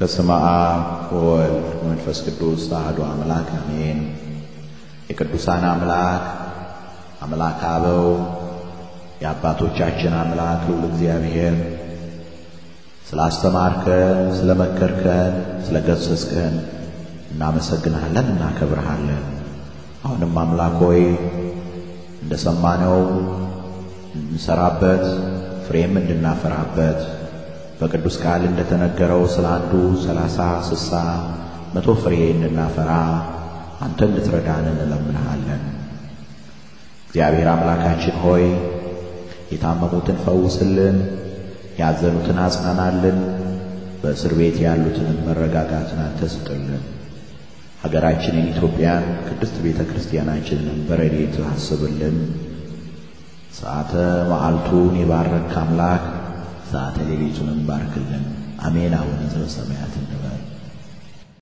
በስመ አብ ወወልድ ወመንፈስ ቅዱስ አሐዱ አምላክ አሜን። የቅዱሳን አምላክ አምላክ አበው የአባቶቻችን አምላክ ልዑል እግዚአብሔር ስላስተማርከን፣ ስለመከርከን፣ ስለገሰጽከን እናመሰግናለን፣ እናከብርሃለን። አሁንም አምላክ ሆይ እንደሰማነው እንድንሰራበት ፍሬም እንድናፈራበት በቅዱስ ቃል እንደተነገረው ስለ አንዱ ሰላሳ ስሳ መቶ ፍሬ እንድናፈራ አንተ እንድትረዳን እንለምንሃለን። እግዚአብሔር አምላካችን ሆይ የታመሙትን ፈውስልን፣ ያዘኑትን አጽናናልን፣ በእስር ቤት ያሉትንም መረጋጋትን አንተ ስጥልን። ሀገራችንን ኢትዮጵያን ቅድስት ቤተ ክርስቲያናችንን በረድኤት አስብልን። ሰዓተ መዓልቱን የባረክ አምላክ ሰዓተ ሌሊቱንም ባርክልን። አሜን። አቡነ ዘበሰማያት